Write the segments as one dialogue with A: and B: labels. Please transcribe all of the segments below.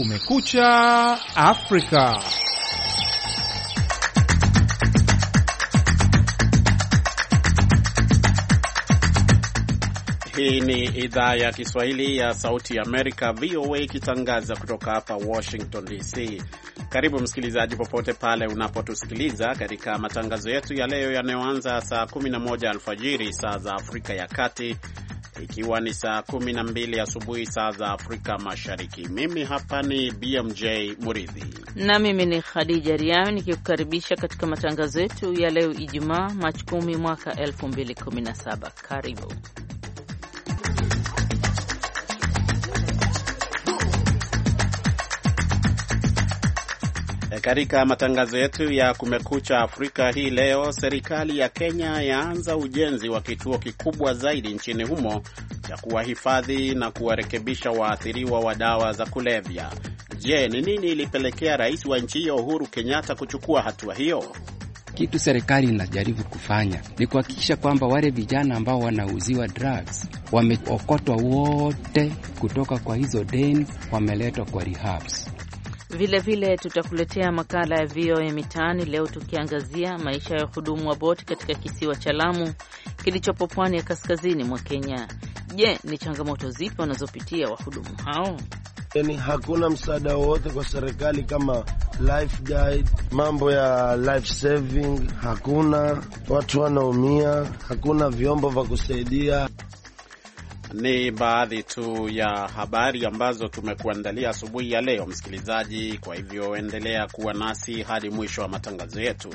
A: Kumekucha Afrika.
B: Hii ni idhaa ya Kiswahili ya Sauti ya Amerika, VOA, ikitangaza kutoka hapa Washington DC. Karibu msikilizaji, popote pale unapotusikiliza katika matangazo yetu ya leo yanayoanza saa 11 alfajiri saa za Afrika ya Kati ikiwa ni saa mbili asubuhi saa za Afrika Mashariki. Mimi hapa ni BMJ Muridhi
C: na mimi ni Khadija Riami nikikukaribisha katika matangazo yetu ya leo Ijumaa Machi kumi mwaka 217 Karibu
B: Eh, katika matangazo yetu ya Kumekucha Afrika hii leo, serikali ya Kenya yaanza ujenzi wa kituo kikubwa zaidi nchini humo cha kuwahifadhi na kuwarekebisha waathiriwa wa dawa za kulevya. Je, ni nini ilipelekea rais wa nchi hiyo Uhuru Kenyatta kuchukua hatua hiyo?
D: Kitu serikali inajaribu kufanya ni kuhakikisha kwamba wale vijana ambao wanauziwa drugs wameokotwa wote kutoka kwa hizo deni wameletwa kwa rehabs
C: Vilevile tutakuletea makala ya VOA Mitaani leo, tukiangazia maisha ya wahudumu wa boti katika kisiwa cha Lamu kilichopo pwani ya kaskazini mwa Kenya. Je, ni changamoto zipi wanazopitia wahudumu hao? Yani, hakuna msaada wowote kwa serikali
E: kama life guide, mambo ya life saving hakuna, watu wanaumia, hakuna vyombo vya kusaidia. Ni
B: baadhi tu ya habari ambazo tumekuandalia asubuhi ya leo, msikilizaji. Kwa hivyo endelea kuwa nasi hadi mwisho wa matangazo yetu,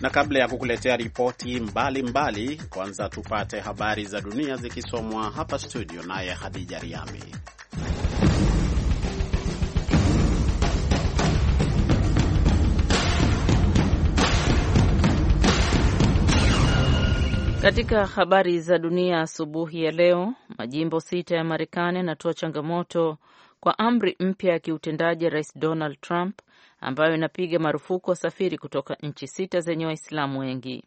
B: na kabla ya kukuletea ripoti mbalimbali, kwanza tupate habari za dunia zikisomwa hapa studio naye Hadija Riami.
C: Katika habari za dunia asubuhi ya leo, majimbo sita ya Marekani yanatoa changamoto kwa amri mpya ya kiutendaji ya Rais Donald Trump ambayo inapiga marufuku wasafiri kutoka nchi sita zenye Waislamu wengi.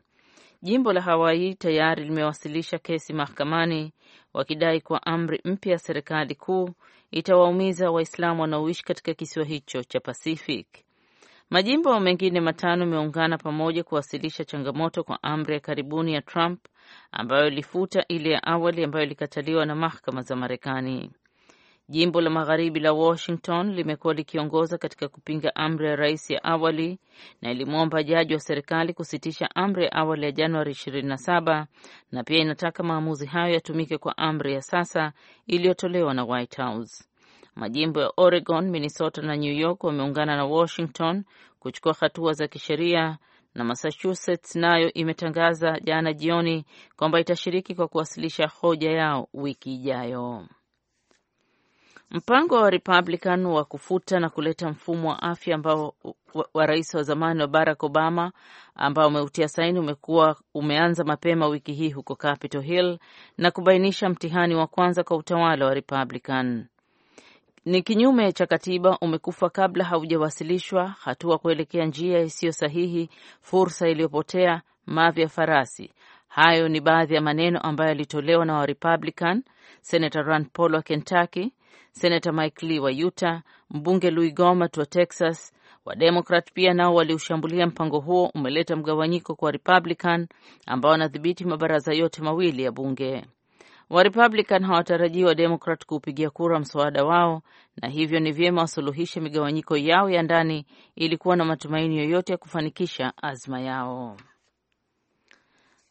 C: Jimbo la Hawaii tayari limewasilisha kesi mahakamani wakidai kuwa amri mpya ya serikali kuu itawaumiza Waislamu wanaoishi katika kisiwa hicho cha Pacific. Majimbo mengine matano yameungana pamoja kuwasilisha changamoto kwa amri ya karibuni ya Trump ambayo ilifuta ile ya awali ambayo ilikataliwa na mahakama za Marekani. Jimbo la magharibi la Washington limekuwa likiongoza katika kupinga amri ya rais ya awali na ilimwomba jaji wa serikali kusitisha amri ya awali ya Januari 27 na pia inataka maamuzi hayo yatumike kwa amri ya sasa iliyotolewa na White House. Majimbo ya Oregon, Minnesota na New York wameungana na Washington kuchukua hatua za kisheria na Massachusetts nayo imetangaza jana jioni kwamba itashiriki kwa kuwasilisha hoja yao wiki ijayo. Mpango wa Republican wa kufuta na kuleta mfumo wa afya ambao wa rais wa zamani wa Barack Obama ambao umeutia saini umekuwa umeanza mapema wiki hii huko Capitol Hill na kubainisha mtihani wa kwanza kwa utawala wa Republican ni kinyume cha katiba, umekufa kabla haujawasilishwa, hatua kuelekea njia isiyo sahihi, fursa iliyopotea, mavi ya farasi. Hayo ni baadhi ya maneno ambayo yalitolewa na Warepublican, Senator Rand Paul wa Kentucky, Senator Mike Lee wa Utah, mbunge Louis Gohmert wa Texas. Wademokrat pia nao waliushambulia mpango huo, umeleta mgawanyiko kwa Republican ambao wanadhibiti mabaraza yote mawili ya bunge. Warepublican hawatarajii Wademokrat kuupigia kura mswada wao, na hivyo ni vyema wasuluhishe migawanyiko yao ya ndani ili kuwa na matumaini yoyote ya kufanikisha azma yao.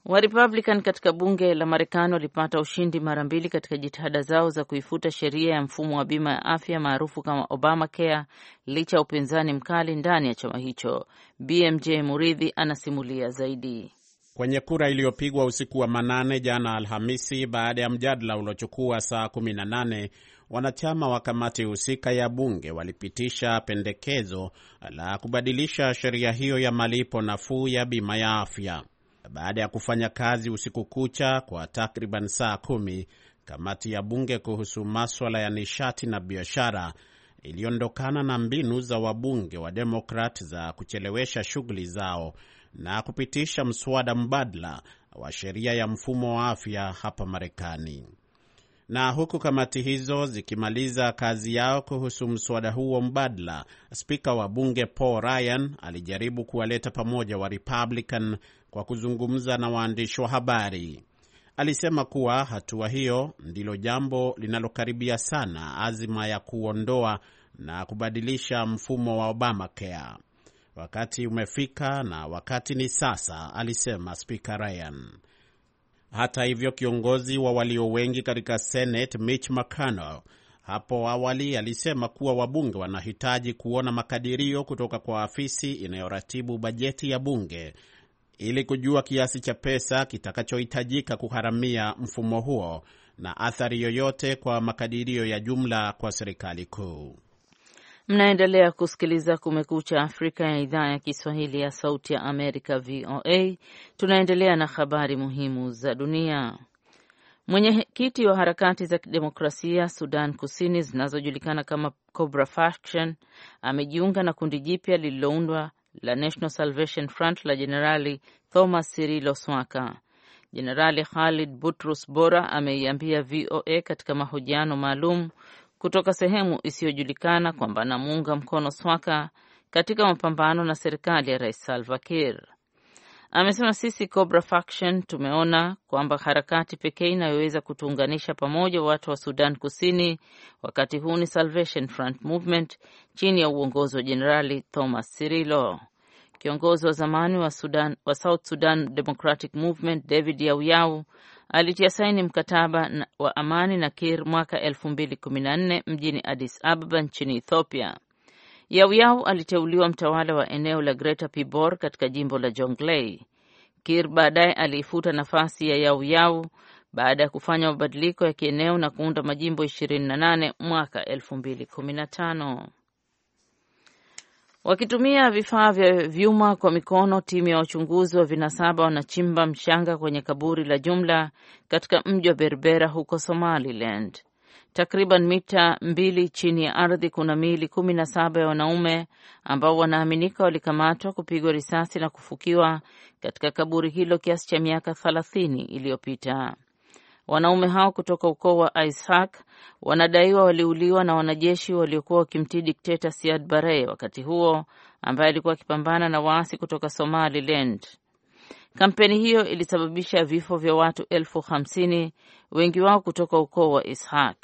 C: Warepublican katika bunge la Marekani walipata ushindi mara mbili katika jitihada zao za kuifuta sheria ya mfumo wa bima ya afya maarufu kama Obamacare licha ya upinzani mkali ndani ya chama hicho. BMJ Muridhi anasimulia zaidi
B: kwenye kura iliyopigwa usiku wa manane jana Alhamisi, baada ya mjadala uliochukua saa 18 wanachama wa kamati husika ya bunge walipitisha pendekezo la kubadilisha sheria hiyo ya malipo nafuu ya bima ya afya. Baada ya kufanya kazi usiku kucha kwa takriban saa kumi, kamati ya bunge kuhusu maswala ya nishati na biashara iliondokana na mbinu za wabunge wa Demokrat za kuchelewesha shughuli zao na kupitisha mswada mbadala wa sheria ya mfumo wa afya hapa Marekani. Na huku kamati hizo zikimaliza kazi yao kuhusu mswada huo mbadala, spika wa bunge Paul Ryan alijaribu kuwaleta pamoja wa Republican kwa kuzungumza na waandishi wa habari. Alisema kuwa hatua hiyo ndilo jambo linalokaribia sana azima ya kuondoa na kubadilisha mfumo wa Obamacare. Wakati umefika na wakati ni sasa, alisema spika Ryan. Hata hivyo, kiongozi wa walio wengi katika Senate Mitch McConnell hapo awali alisema kuwa wabunge wanahitaji kuona makadirio kutoka kwa afisi inayoratibu bajeti ya bunge ili kujua kiasi cha pesa kitakachohitajika kuharamia mfumo huo na athari yoyote kwa makadirio ya jumla kwa serikali kuu.
C: Mnaendelea kusikiliza Kumekucha Afrika ya idhaa ya Kiswahili ya Sauti ya Amerika, VOA. Tunaendelea na habari muhimu za dunia. Mwenyekiti wa harakati za kidemokrasia Sudan Kusini zinazojulikana kama Cobra Faction amejiunga na kundi jipya lililoundwa la National Salvation Front la Jenerali Thomas Sirilo Swaka. Jenerali Khalid Butrus Bora ameiambia VOA katika mahojiano maalum kutoka sehemu isiyojulikana kwamba anamuunga mkono Swaka katika mapambano na serikali ya Rais Salva Kiir. Amesema sisi Cobra Faction tumeona kwamba harakati pekee inayoweza kutuunganisha pamoja watu wa Sudan Kusini wakati huu ni Salvation Front Movement chini ya uongozi wa Jenerali Thomas Sirilo. Kiongozi wa zamani wa Sudan, wa South Sudan Democratic Movement David Yauyau alitia saini mkataba wa amani na Kir mwaka 2014 mjini Addis Ababa nchini Ethiopia. Yauyau aliteuliwa mtawala wa eneo la Greater Pibor katika jimbo la Jonglei. Kir baadaye aliifuta nafasi ya Yauyau baada ya kufanya mabadiliko ya kieneo na kuunda majimbo 28 mwaka 2015. Wakitumia vifaa vya vyuma kwa mikono, timu ya wachunguzi wa vinasaba wanachimba mchanga kwenye kaburi la jumla katika mji wa Berbera huko Somaliland. Takriban mita mbili chini ya ardhi kuna miili kumi na saba ya wanaume ambao wanaaminika walikamatwa, kupigwa risasi na kufukiwa katika kaburi hilo kiasi cha miaka thelathini iliyopita. Wanaume hao kutoka ukoo wa Ishaq wanadaiwa waliuliwa na wanajeshi waliokuwa wakimtii dikteta Siad Barre wakati huo ambaye alikuwa akipambana na waasi kutoka Somaliland. Kampeni hiyo ilisababisha vifo vya watu elfu hamsini, wengi wao kutoka ukoo wa Ishaq.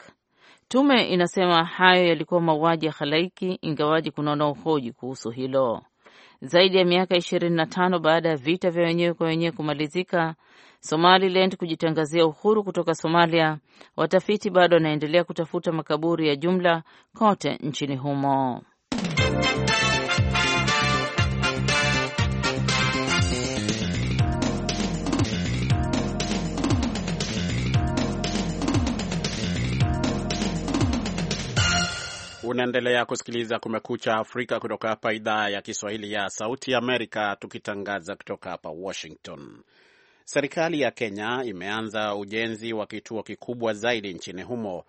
C: Tume inasema hayo yalikuwa mauaji ya halaiki, ingawaji kunaona uhoji kuhusu hilo. Zaidi ya miaka ishirini na tano baada ya vita vya wenyewe kwa wenyewe kumalizika, Somaliland kujitangazia uhuru kutoka Somalia, watafiti bado wanaendelea kutafuta makaburi ya jumla kote nchini humo.
B: Unaendelea kusikiliza Kumekucha Afrika kutoka hapa idhaa ya Kiswahili ya Sauti Amerika, tukitangaza kutoka hapa Washington. Serikali ya Kenya imeanza ujenzi wa kituo kikubwa zaidi nchini humo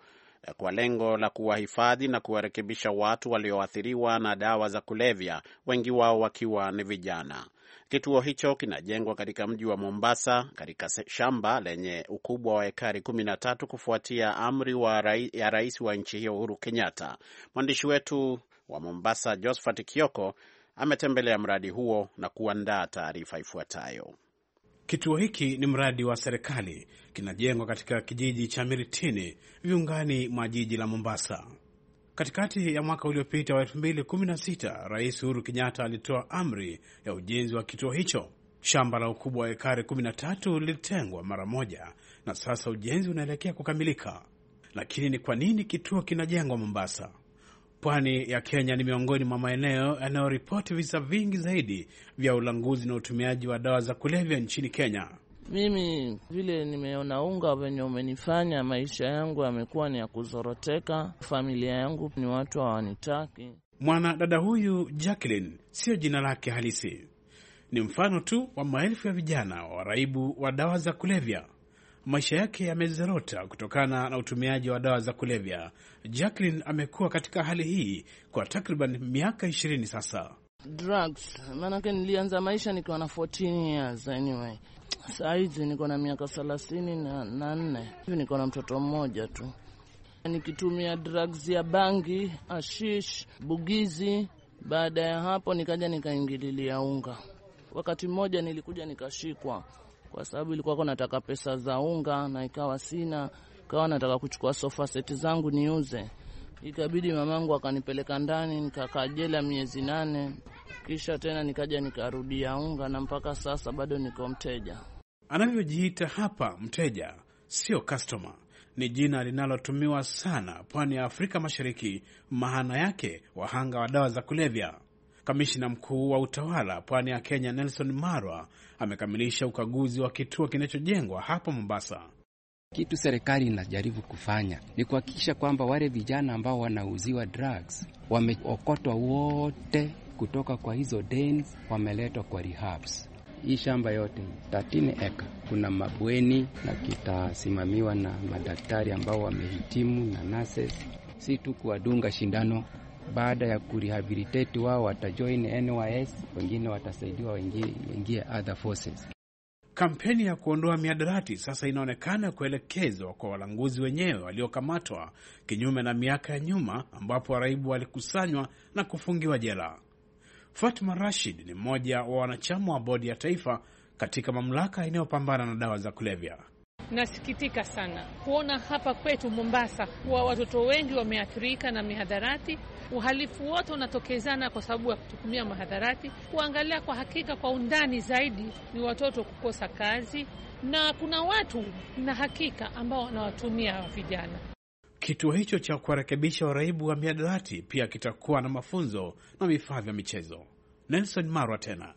B: eh, kwa lengo la kuwahifadhi na kuwarekebisha watu walioathiriwa na dawa za kulevya, wengi wao wakiwa ni vijana. Kituo hicho kinajengwa katika mji wa Mombasa, katika shamba lenye ukubwa wa hekari 13 kufuatia amri wa rai, ya rais wa nchi hiyo Uhuru Kenyatta. Mwandishi wetu wa Mombasa, Josphat Kioko, ametembelea mradi huo na kuandaa taarifa ifuatayo. Kituo
A: hiki ni mradi wa serikali, kinajengwa katika kijiji cha Miritini, viungani mwa jiji la Mombasa. Katikati ya mwaka uliopita wa 2016 Rais Uhuru Kenyatta alitoa amri ya ujenzi wa kituo hicho. Shamba la ukubwa wa hekari 13 lilitengwa mara moja na sasa ujenzi unaelekea kukamilika. Lakini ni kwa nini kituo kinajengwa Mombasa? Pwani ya Kenya ni miongoni mwa maeneo yanayoripoti visa vingi zaidi vya ulanguzi na utumiaji wa dawa za kulevya nchini Kenya.
C: Mimi vile nimeona unga venye umenifanya maisha yangu yamekuwa ni ya kuzoroteka, familia yangu ni watu hawanitaki.
A: Mwana dada huyu Jacqueline siyo jina lake halisi, ni mfano tu wa maelfu ya vijana waraibu wa dawa za kulevya. Maisha yake yamezorota kutokana na utumiaji wa dawa za kulevya. Jacqueline amekuwa katika hali hii kwa takriban miaka ishirini sasa.
C: Drugs maanake, nilianza maisha nikiwa na 14 years anyway Saizi niko na miaka thelathini na nne hivi, niko na mtoto mmoja tu, nikitumia drugs ya bangi, ashish, bugizi. Baada ya hapo nikaja nikaingililia unga. Wakati mmoja nilikuja nikashikwa kwa sababu ilikuwa nataka pesa za unga na ikawa sina, ikawa nataka kuchukua sofa seti zangu niuze, ikabidi mamangu akanipeleka ndani nikakaa jela miezi nane, kisha tena nikaja nikarudia unga na mpaka sasa bado niko mteja.
A: Anavyojiita hapa mteja sio customer, ni jina linalotumiwa sana pwani ya Afrika Mashariki, maana yake wahanga wa dawa za kulevya. Kamishina mkuu wa utawala pwani ya Kenya Nelson Marwa amekamilisha ukaguzi wa kituo kinachojengwa hapa Mombasa. Kitu serikali inajaribu kufanya ni
D: kuhakikisha kwamba wale vijana ambao wanauziwa drugs wameokotwa wote kutoka kwa hizo dens, wameletwa kwa rehabs hii shamba yote 13 eka, kuna mabweni na kitasimamiwa na madaktari ambao wamehitimu na nurses, si tu kuwadunga shindano. Baada ya kurehabilitate wao watajoin NYS, wengine watasaidiwa waingie
A: other forces. Kampeni ya kuondoa miadarati sasa inaonekana kuelekezwa kwa walanguzi wenyewe waliokamatwa, kinyume na miaka ya nyuma ambapo waraibu walikusanywa na kufungiwa jela. Fatma Rashid ni mmoja wa wanachama wa bodi ya taifa katika mamlaka inayopambana na dawa za kulevya.
C: Nasikitika sana kuona hapa kwetu Mombasa kuwa watoto wengi wameathirika na mihadharati Uhalifu wote unatokezana kwa sababu ya kutukumia mahadharati Kuangalia kwa hakika kwa undani zaidi ni watoto kukosa kazi, na kuna watu na hakika ambao wanawatumia vijana
A: Kituo hicho cha kuwarekebisha waraibu wa miadarati pia kitakuwa na mafunzo na vifaa vya michezo. Nelson Marwa tena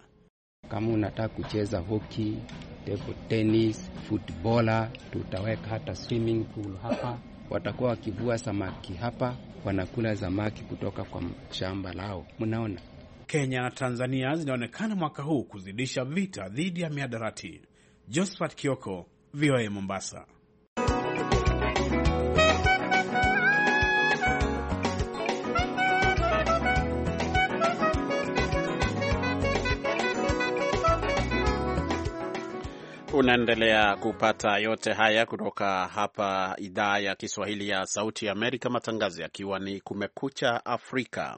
D: kama unataka kucheza hoki, table tennis, futbola, tutaweka hata swimming pool hapa. Watakuwa wakivua samaki hapa, wanakula samaki kutoka kwa shamba lao. Mnaona,
A: Kenya na Tanzania zinaonekana mwaka huu kuzidisha vita dhidi ya miadarati. Josephat Kioko, VOA Mombasa.
B: Unaendelea kupata yote haya kutoka hapa idhaa ya Kiswahili ya Sauti ya Amerika, matangazo yakiwa ni Kumekucha Afrika.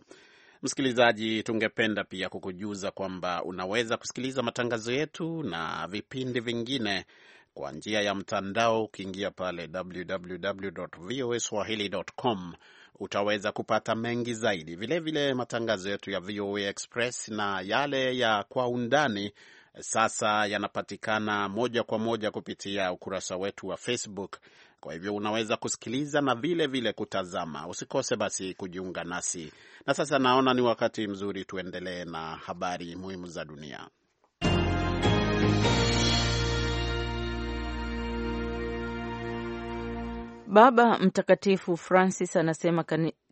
B: Msikilizaji, tungependa pia kukujuza kwamba unaweza kusikiliza matangazo yetu na vipindi vingine kwa njia ya mtandao. Ukiingia pale www www.voaswahili.com utaweza kupata mengi zaidi. Vilevile vile matangazo yetu ya VOA Express na yale ya kwa undani sasa yanapatikana moja kwa moja kupitia ukurasa wetu wa Facebook. Kwa hivyo unaweza kusikiliza na vile vile kutazama. Usikose basi kujiunga nasi, na sasa naona ni wakati mzuri tuendelee na habari muhimu za dunia.
C: Baba Mtakatifu Francis anasema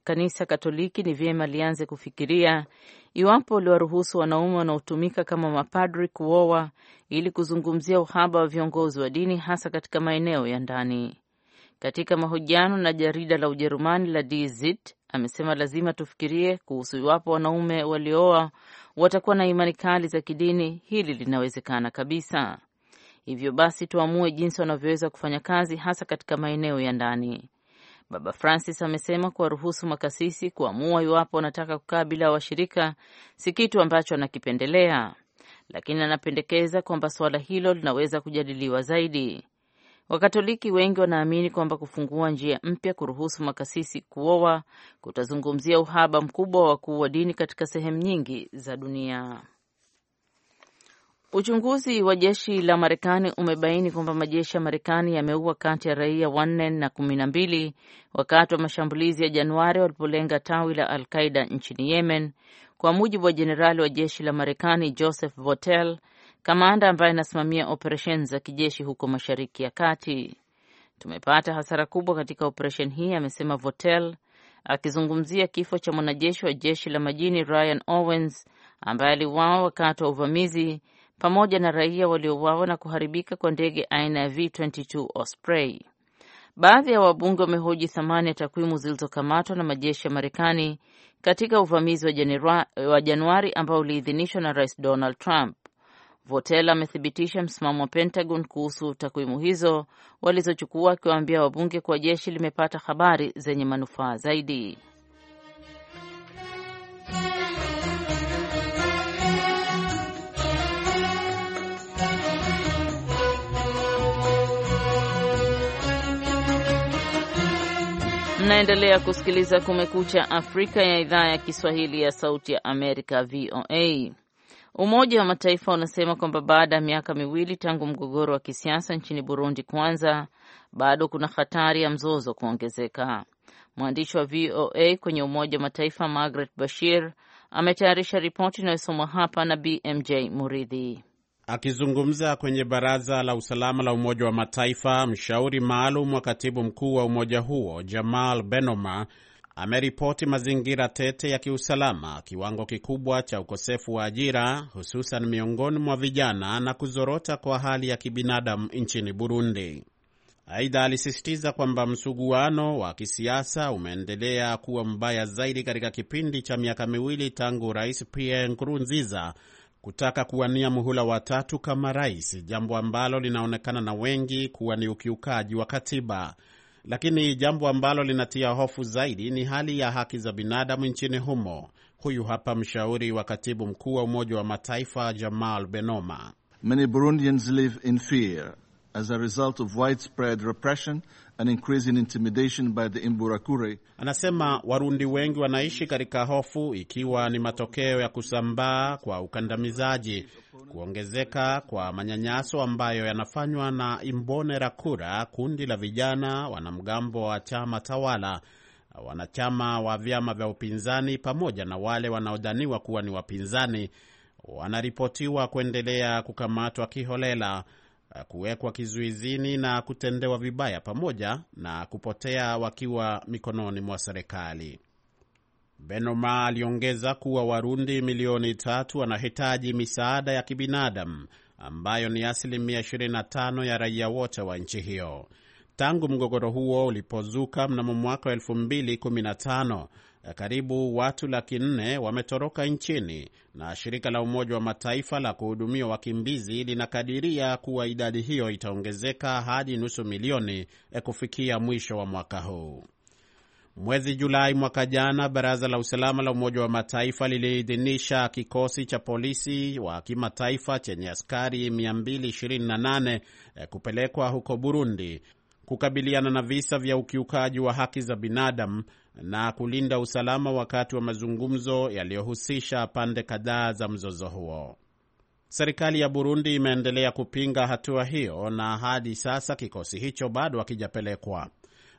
C: Kanisa Katoliki ni vyema lianze kufikiria iwapo liwaruhusu wanaume wanaotumika kama mapadri kuoa ili kuzungumzia uhaba wa viongozi wa dini hasa katika maeneo ya ndani. Katika mahojiano na jarida la Ujerumani la Die Zeit amesema lazima tufikirie kuhusu iwapo wanaume waliooa watakuwa na imani kali za kidini. Hili linawezekana kabisa. Hivyo basi tuamue jinsi wanavyoweza kufanya kazi hasa katika maeneo ya ndani. Baba Francis amesema kuwaruhusu makasisi kuamua iwapo wanataka kukaa bila washirika si kitu ambacho anakipendelea, lakini anapendekeza kwamba suala hilo linaweza kujadiliwa zaidi. Wakatoliki wengi wanaamini kwamba kufungua njia mpya kuruhusu makasisi kuoa kutazungumzia uhaba mkubwa wa wakuu wa dini katika sehemu nyingi za dunia. Uchunguzi wa jeshi la Marekani umebaini kwamba majeshi ya Marekani yameua kati ya raia wanne na kumi na mbili wakati wa mashambulizi ya Januari walipolenga tawi la Al Qaida nchini Yemen, kwa mujibu wa jenerali wa jeshi la Marekani Joseph Votel, kamanda ambaye anasimamia operesheni za kijeshi huko Mashariki ya Kati. Tumepata hasara kubwa katika operesheni hii, amesema Votel akizungumzia kifo cha mwanajeshi wa jeshi la majini Ryan Owens ambaye aliuawa wakati wa uvamizi pamoja na raia waliouawa na kuharibika kwa ndege aina ya V-22 Osprey. Baadhi ya wabunge wamehoji thamani ya takwimu zilizokamatwa na majeshi ya Marekani katika uvamizi wa, Januari, wa Januari ambao uliidhinishwa na Rais Donald Trump. Votela amethibitisha msimamo wa Pentagon kuhusu takwimu hizo walizochukua, akiwaambia wabunge kuwa jeshi limepata habari zenye manufaa zaidi. Mnaendelea kusikiliza Kumekucha Afrika ya idhaa ya Kiswahili ya Sauti ya Amerika, VOA. Umoja wa Mataifa unasema kwamba baada ya miaka miwili tangu mgogoro wa kisiasa nchini Burundi kwanza, bado kuna hatari ya mzozo kuongezeka. Mwandishi wa VOA kwenye Umoja wa Mataifa Margaret Bashir ametayarisha ripoti inayosomwa hapa na BMJ Muridhi.
B: Akizungumza kwenye baraza la usalama la Umoja wa Mataifa, mshauri maalum wa katibu mkuu wa umoja huo Jamal Benoma ameripoti mazingira tete ya kiusalama, kiwango kikubwa cha ukosefu wa ajira, hususan miongoni mwa vijana na kuzorota kwa hali ya kibinadamu nchini Burundi. Aidha, alisisitiza kwamba msuguano wa kisiasa umeendelea kuwa mbaya zaidi katika kipindi cha miaka miwili tangu Rais Pierre Nkurunziza kutaka kuwania muhula watatu kama rais, jambo ambalo linaonekana na wengi kuwa ni ukiukaji wa katiba. Lakini jambo ambalo linatia hofu zaidi ni hali ya haki za binadamu nchini humo. Huyu hapa mshauri wa katibu mkuu wa Umoja wa Mataifa Jamal Benoma.
E: Many Burundians live in fear
B: as a result of widespread repression an increase in intimidation by the Anasema Warundi wengi wanaishi katika hofu, ikiwa ni matokeo ya kusambaa kwa ukandamizaji, kuongezeka kwa manyanyaso ambayo yanafanywa na Imbonerakure, kundi la vijana wanamgambo wa chama tawala, wanachama wa vyama vya upinzani pamoja na wale wanaodhaniwa kuwa ni wapinzani wanaripotiwa kuendelea kukamatwa kiholela Eh, kuwekwa kizuizini na kutendewa vibaya pamoja na kupotea wakiwa mikononi mwa serikali. Benoma aliongeza kuwa Warundi milioni tatu wanahitaji misaada ya kibinadamu ambayo ni asilimia 25 ya raia wote wa nchi hiyo. Tangu mgogoro huo ulipozuka mnamo mwaka wa Eh, karibu watu laki nne wametoroka nchini na shirika la Umoja wa Mataifa la kuhudumia wakimbizi linakadiria kuwa idadi hiyo itaongezeka hadi nusu milioni eh, kufikia mwisho wa mwaka huu. Mwezi Julai mwaka jana, baraza la usalama la Umoja wa Mataifa liliidhinisha kikosi cha polisi wa kimataifa chenye askari 228 eh, kupelekwa huko Burundi kukabiliana na visa vya ukiukaji wa haki za binadamu na kulinda usalama wakati wa mazungumzo yaliyohusisha pande kadhaa za mzozo huo. Serikali ya Burundi imeendelea kupinga hatua hiyo na hadi sasa kikosi hicho bado hakijapelekwa.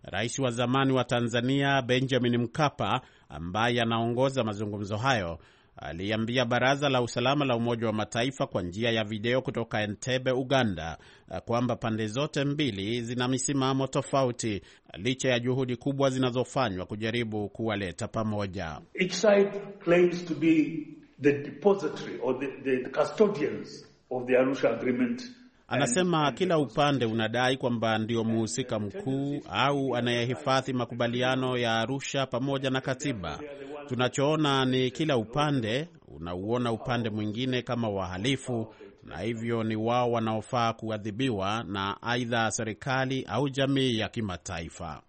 B: Rais wa zamani wa Tanzania Benjamin Mkapa ambaye anaongoza mazungumzo hayo aliambia baraza la usalama la Umoja wa Mataifa kwa njia ya video kutoka Entebbe, Uganda, kwamba pande zote mbili zina misimamo tofauti licha ya juhudi kubwa zinazofanywa kujaribu kuwaleta pamoja.
A: Each side claims to be the depository or the, the custodians of the Arusha agreement
B: Anasema kila upande unadai kwamba ndio muhusika mkuu au anayehifadhi makubaliano ya Arusha pamoja na katiba. Tunachoona ni kila upande unauona upande mwingine kama wahalifu, na hivyo ni wao wanaofaa kuadhibiwa na aidha serikali au jamii ya kimataifa.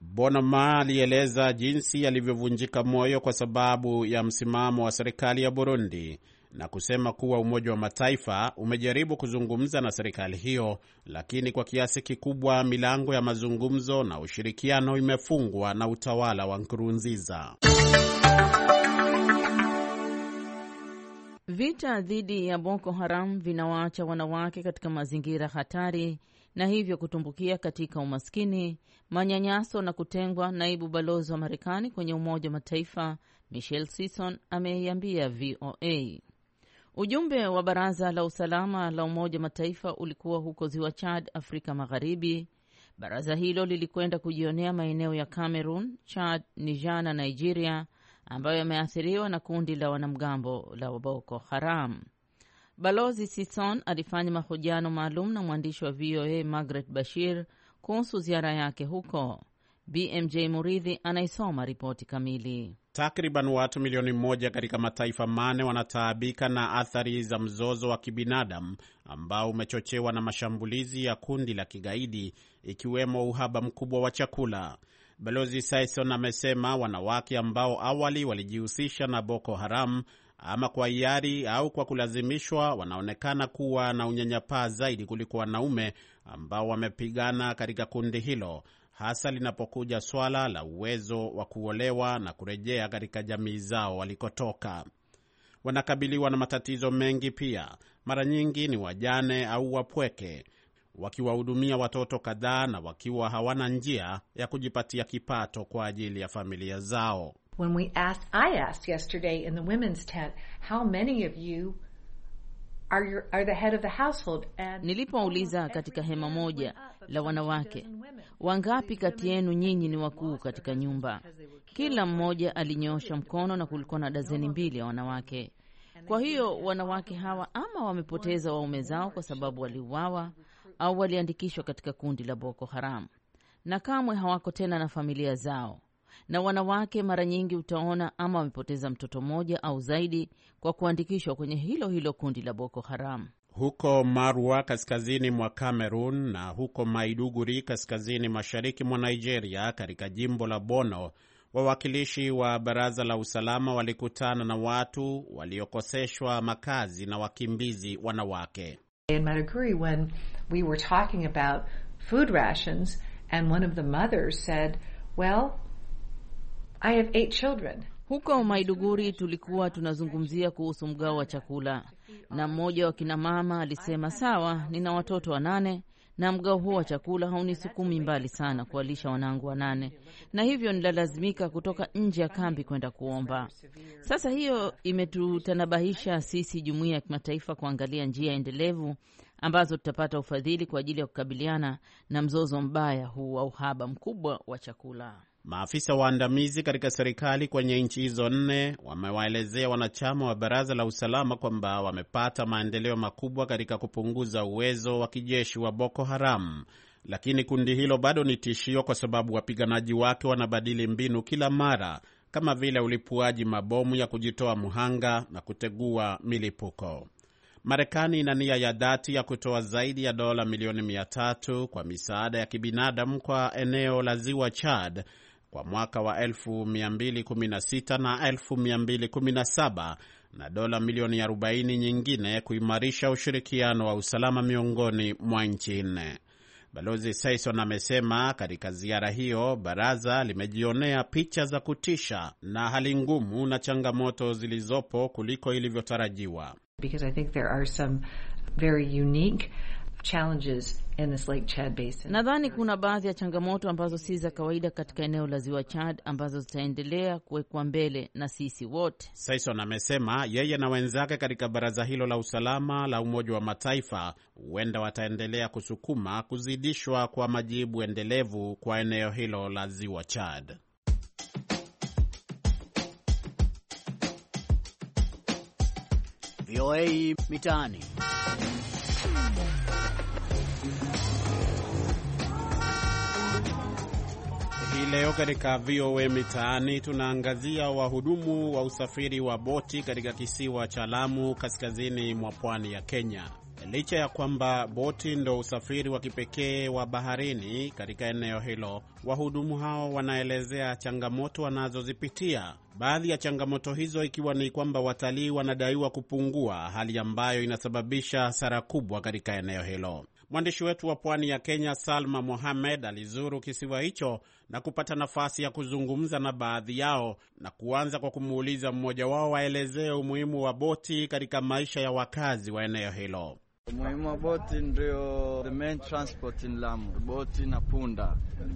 B: Bonama alieleza jinsi alivyovunjika moyo kwa sababu ya msimamo wa serikali ya Burundi na kusema kuwa Umoja wa Mataifa umejaribu kuzungumza na serikali hiyo, lakini kwa kiasi kikubwa milango ya mazungumzo na ushirikiano imefungwa na utawala wa Nkurunziza.
C: Vita dhidi ya Boko Haram vinawaacha wanawake katika mazingira hatari na hivyo kutumbukia katika umaskini, manyanyaso na kutengwa. Naibu balozi wa Marekani kwenye Umoja wa Mataifa Michelle Sisson ameiambia VOA. Ujumbe wa Baraza la Usalama la Umoja wa Mataifa ulikuwa huko Ziwa Chad, Afrika Magharibi. Baraza hilo lilikwenda kujionea maeneo ya Cameroon, Chad, Niger na Nigeria ambayo yameathiriwa na kundi la wanamgambo la Boko Haram. Balozi Sison alifanya mahojiano maalum na mwandishi wa VOA Margaret Bashir kuhusu ziara yake huko. BMJ Muridhi anaisoma ripoti kamili.
B: Takriban watu milioni moja katika mataifa mane wanataabika na athari za mzozo wa kibinadamu ambao umechochewa na mashambulizi ya kundi la kigaidi ikiwemo uhaba mkubwa wa chakula. Balozi Sison amesema wanawake ambao awali walijihusisha na Boko Haram ama kwa hiari au kwa kulazimishwa, wanaonekana kuwa na unyanyapaa zaidi kuliko wanaume ambao wamepigana katika kundi hilo, hasa linapokuja swala la uwezo wa kuolewa na kurejea katika jamii zao walikotoka. Wanakabiliwa na matatizo mengi pia, mara nyingi ni wajane au wapweke, wakiwahudumia watoto kadhaa na wakiwa hawana njia ya kujipatia kipato kwa ajili ya familia zao. When we asked, I asked yesterday in the women's tent, how
C: many of you are your, are the head of the household and... Nilipowauliza katika hema moja la wanawake, wangapi kati yenu nyinyi ni wakuu katika nyumba, kila mmoja alinyoosha mkono na kulikuwa na dazeni mbili ya wanawake. Kwa hiyo wanawake hawa ama wamepoteza waume zao kwa sababu waliuawa au waliandikishwa katika kundi la Boko Haram na kamwe hawako tena na familia zao na wanawake mara nyingi utaona ama wamepoteza mtoto mmoja au zaidi kwa kuandikishwa kwenye hilo hilo kundi la Boko Haram.
B: Huko Marwa kaskazini mwa cameron na huko Maiduguri kaskazini mashariki mwa Nigeria, katika jimbo la Bono, wawakilishi wa baraza la usalama walikutana na watu waliokoseshwa makazi na wakimbizi wanawake. In Maiduguri when we were
C: talking about food rations and one of the mothers said, well, I have eight children. Huko Maiduguri tulikuwa tunazungumzia kuhusu mgao wa chakula, na mmoja wa kina mama alisema, sawa, nina watoto wanane na mgao huo wa chakula haunisukumi mbali sana kuwalisha wanangu wanane, na hivyo nilalazimika kutoka nje ya kambi kwenda kuomba. Sasa hiyo imetutanabahisha sisi, jumuiya ya kimataifa, kuangalia njia endelevu ambazo tutapata ufadhili kwa ajili ya kukabiliana na mzozo mbaya huu wa uhaba mkubwa wa chakula.
B: Maafisa waandamizi katika serikali kwenye nchi hizo nne wamewaelezea wanachama wa baraza la usalama kwamba wamepata maendeleo makubwa katika kupunguza uwezo wa kijeshi wa Boko Haram, lakini kundi hilo bado ni tishio kwa sababu wapiganaji wake wanabadili mbinu kila mara, kama vile ulipuaji mabomu ya kujitoa mhanga na kutegua milipuko. Marekani ina nia ya dhati ya kutoa zaidi ya dola milioni mia tatu kwa misaada ya kibinadamu kwa eneo la ziwa Chad kwa mwaka wa 2016 na 2017 na dola milioni 40 nyingine kuimarisha ushirikiano wa usalama miongoni mwa nchi nne. Balozi Sison amesema katika ziara hiyo baraza limejionea picha za kutisha na hali ngumu na changamoto zilizopo kuliko ilivyotarajiwa.
C: Nadhani kuna baadhi ya changamoto ambazo si za kawaida katika eneo la ziwa Chad ambazo zitaendelea kuwekwa mbele na sisi wote.
B: Sison amesema yeye na wenzake katika baraza hilo la usalama la Umoja wa Mataifa huenda wataendelea kusukuma kuzidishwa kwa majibu endelevu kwa eneo hilo la ziwa Chad.
A: VOA Mitaani.
B: leo katika VOA Mitaani tunaangazia wahudumu wa usafiri wa boti katika kisiwa cha Lamu, kaskazini mwa pwani ya Kenya. Licha ya kwamba boti ndo usafiri wa kipekee wa baharini katika eneo hilo, wahudumu hao wanaelezea changamoto wanazozipitia, baadhi ya changamoto hizo ikiwa ni kwamba watalii wanadaiwa kupungua, hali ambayo inasababisha hasara kubwa katika eneo hilo. Mwandishi wetu wa pwani ya Kenya, Salma Mohamed, alizuru kisiwa hicho na kupata nafasi ya kuzungumza na baadhi yao na kuanza kwa kumuuliza mmoja wao aelezee umuhimu wa boti katika maisha ya wakazi wa eneo hilo.
E: Umuhimu wa boti ndio the main transport in Lamu, boti na punda.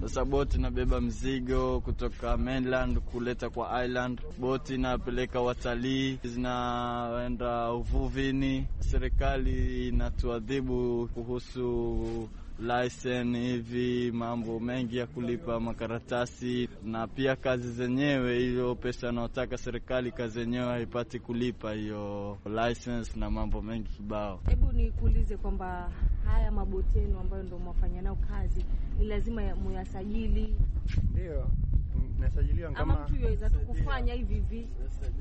E: Sasa boti inabeba mzigo kutoka mainland kuleta kwa island, boti inapeleka watalii, zinaenda uvuvini. Serikali inatuadhibu kuhusu
B: leseni hivi mambo mengi ya kulipa makaratasi na pia kazi zenyewe. Hiyo pesa anaotaka serikali kazi yenyewe haipati kulipa hiyo license na mambo mengi kibao.
C: Hebu nikuulize kwamba haya maboti yenu ambayo ndio mwafanya nao kazi ni lazima muyasajili? Ndio nasajiliwa kama ama mtu yuweza tu kufanya hivi hivi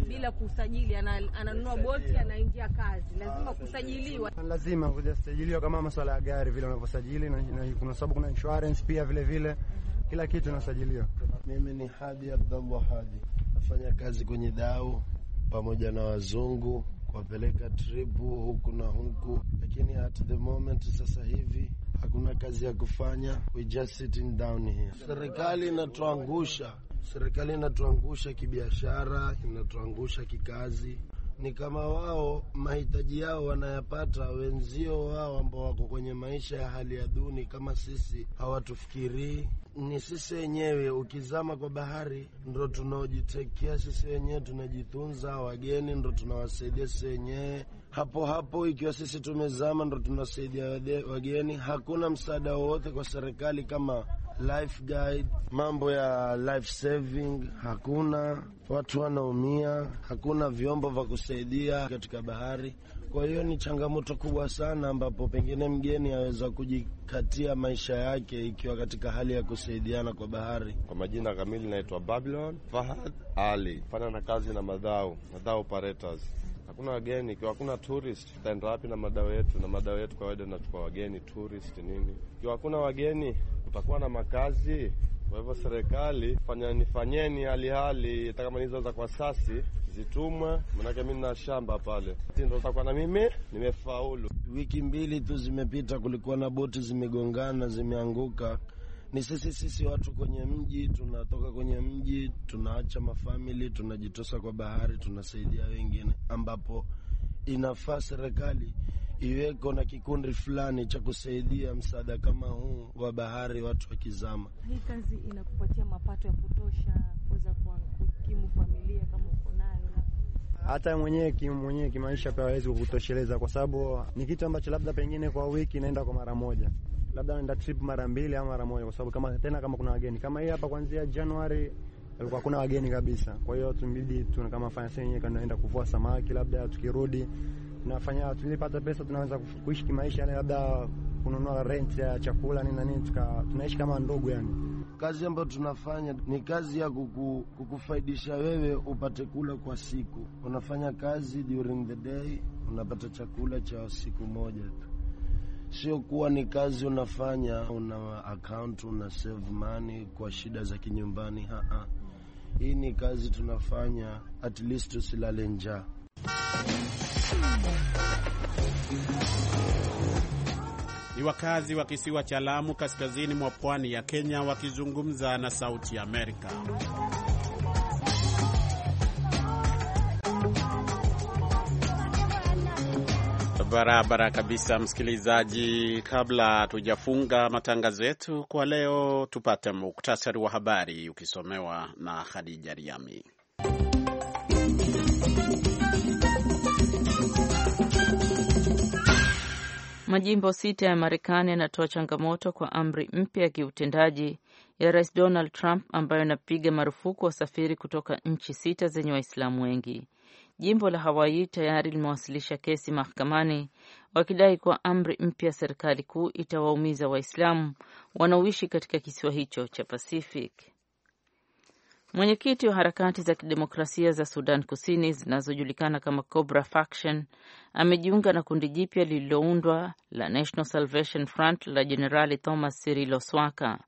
C: bila kusajili, ananunua boti anaingia kazi, ah, lazima kusajiliwa,
E: lazima hujasajiliwa kama masuala ya gari vile unavyosajili, na, na, kuna sababu kuna insurance pia vile vile, uh-huh. kila kitu nasajiliwa. Mimi ni Hadi Abdallah Hadi, nafanya kazi kwenye dau pamoja na wazungu kuwapeleka tripu huku na huku, lakini at the moment sasa hivi hakuna kazi ya kufanya, we just sitting down here. Serikali inatuangusha, serikali inatuangusha kibiashara, inatuangusha kikazi ni kama wao mahitaji yao wanayapata wenzio wao ambao wako kwenye maisha ya hali ya duni kama sisi, hawatufikirii. Ni sisi wenyewe, ukizama kwa bahari ndo tunaojitekea sisi wenyewe, tunajitunza. Wageni ndo tunawasaidia sisi wenyewe hapo hapo, ikiwa sisi tumezama ndo tunawasaidia wageni. Hakuna msaada wowote kwa serikali kama life guide, mambo ya life saving hakuna, watu wanaumia, hakuna vyombo vya kusaidia katika bahari. Kwa hiyo ni changamoto kubwa sana, ambapo pengine mgeni aweza kujikatia maisha yake ikiwa katika hali ya kusaidiana kwa bahari. Kwa majina kamili naitwa Babylon Fahad Ali, fana na kazi na madhao madhao operators Hakuna wageni, ikiwa hakuna tourist, tutaenda wapi na madao yetu? Na madao yetu kawaida nachukua wageni tourist nini. Ikiwa hakuna wageni, kutakuwa na makazi. Kwa hivyo serikali fanyeni fanyeni hali hali, hata kama nizo za kwa sasi zitumwe, manake mimi na shamba pale ndo tutakuwa na mimi nimefaulu. Wiki mbili tu zimepita, kulikuwa na boti zimegongana, zimeanguka ni sisi sisi watu kwenye mji, tunatoka kwenye mji, tunaacha mafamili, tunajitosa kwa bahari, tunasaidia wengine, ambapo inafaa serikali iweko na kikundi fulani cha kusaidia msaada kama huu wa bahari, watu wakizama.
C: Hii kazi inakupatia mapato ya kutosha kuweza kukimu familia kama uko nayo
E: hata mwenyewe kimu mwenyewe kimaisha pia hawezi kukutosheleza, kwa sababu ni kitu ambacho labda pengine kwa wiki naenda kwa mara moja, labda naenda trip mara mbili au mara moja, kwa sababu kama tena kama kuna wageni kama hii hapa, kuanzia Januari alikuwa hakuna wageni kabisa. Kwa hiyo tumbidi tuna kama fanya sisi wenyewe, kanaenda kuvua samaki, labda tukirudi tunafanya tulipata pesa tunaweza kuishi kimaisha, yani labda kununua rent ya chakula nini na nini, tunaishi kama ndugu yani. Kazi ambayo tunafanya ni kazi ya kuku, kukufaidisha wewe upate kula kwa siku. Unafanya kazi during the day, unapata chakula cha siku moja tu, sio kuwa ni kazi unafanya una account una save money kwa shida za kinyumbani. ha -ha. hii ni kazi tunafanya at least usilale njaa. Ni wakazi wa
B: kisiwa cha Lamu kaskazini mwa pwani ya Kenya wakizungumza na Sauti Amerika. Barabara kabisa, msikilizaji. Kabla tujafunga matangazo yetu kwa leo, tupate muktasari wa habari ukisomewa na Khadija Riami.
C: Majimbo sita ya Marekani yanatoa changamoto kwa amri mpya ya kiutendaji ya Rais Donald Trump ambayo inapiga marufuku wasafiri kutoka nchi sita zenye Waislamu wengi. Jimbo la Hawaii tayari limewasilisha kesi mahakamani wakidai kuwa amri mpya ya serikali kuu itawaumiza Waislamu wanaoishi katika kisiwa hicho cha Pacific. Mwenyekiti wa harakati za kidemokrasia za Sudan Kusini zinazojulikana kama Cobra Faction amejiunga na kundi jipya lililoundwa la National Salvation Front la Jenerali Thomas Sirilo Swaka.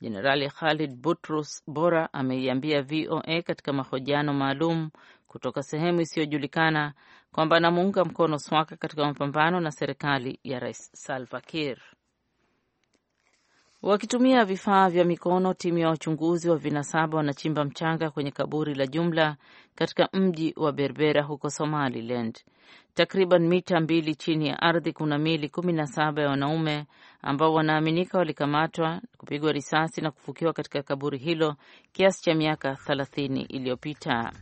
C: Jenerali Khalid Butrus Bora ameiambia VOA katika mahojiano maalum kutoka sehemu isiyojulikana kwamba anamuunga mkono Swaka katika mapambano na serikali ya Rais Salva Kiir. Wakitumia vifaa vya mikono, timu ya wachunguzi wa vinasaba wanachimba mchanga kwenye kaburi la jumla katika mji wa Berbera huko Somaliland. Takriban mita mbili chini ya ardhi kuna mili kumi na saba ya wanaume ambao wanaaminika walikamatwa, kupigwa risasi na kufukiwa katika kaburi hilo kiasi cha miaka thelathini iliyopita.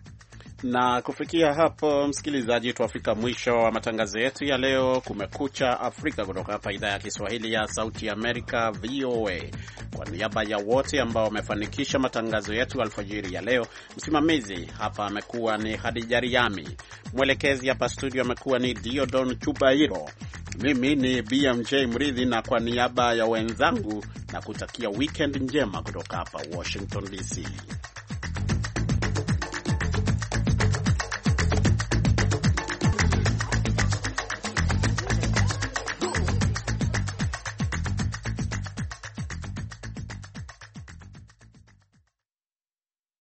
B: Na kufikia hapo, msikilizaji, tuafika mwisho wa matangazo yetu ya leo, Kumekucha Afrika, kutoka hapa idhaa ya Kiswahili ya Sauti ya Amerika, VOA. Kwa niaba ya wote ambao wamefanikisha matangazo yetu alfajiri ya leo, msimamizi hapa amekuwa ni Hadija Riami, mwelekezi hapa studio amekuwa ni Diodon Chubairo, mimi ni BMJ Mridhi, na kwa niaba ya wenzangu na kutakia wikend njema kutoka hapa Washington DC.